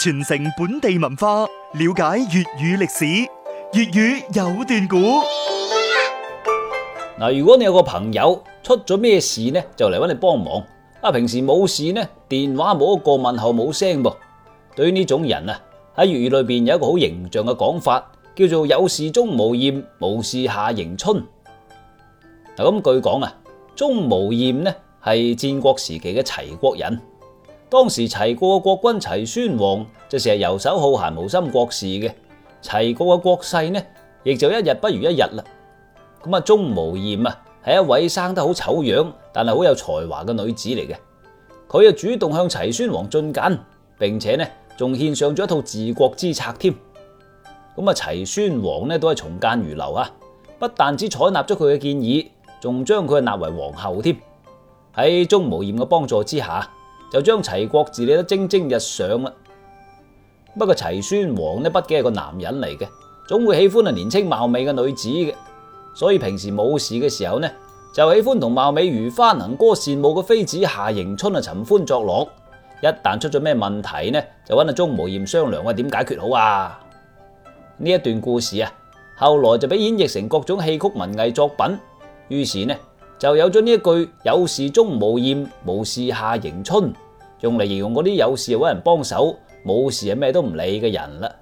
傳承本地文化，了解粵語歷史，粵語有段古，嗱，如果你有個朋友出咗咩事呢，就嚟揾你幫忙。啊，平時冇事呢，電話冇一個問候冇聲噃。對於呢種人啊，喺粵語裏邊有一個好形象嘅講法，叫做有事鍾無艷，無事夏迎春。嗱，咁據講啊，鍾無艷呢係戰國時期嘅齊國人。當時齊國嘅國君齊宣王就成日遊手好閒，無心國事嘅。齊國嘅國勢呢，亦就一日不如一日啦。咁啊，鍾無艷啊，係一位生得好醜樣，但係好有才華嘅女子嚟嘅。佢啊主動向齊宣王進諫，並且呢仲獻上咗一套治國之策添。咁啊，齊宣王呢都係從諫如流啊，不但只採納咗佢嘅建議，仲將佢納為皇后添。喺鍾無艷嘅幫助之下，就將齊國治理得蒸蒸日上啦。不過齊宣王呢，畢竟係個男人嚟嘅，總會喜歡啊年青貌美嘅女子嘅。所以平時冇事嘅時候呢，就喜歡同貌美如花、能歌善舞嘅妃子夏迎春啊，尋歡作樂。一旦出咗咩問題呢，就搵阿鍾無艷商量，點解決好啊？呢一段故事啊，後來就被演繹成各種戲曲文藝作品。於是呢，就有咗呢一句：有事鍾無艷，無事夏迎春。用嚟形容嗰啲有事就揾人幫手，冇事就咩都唔理嘅人啦。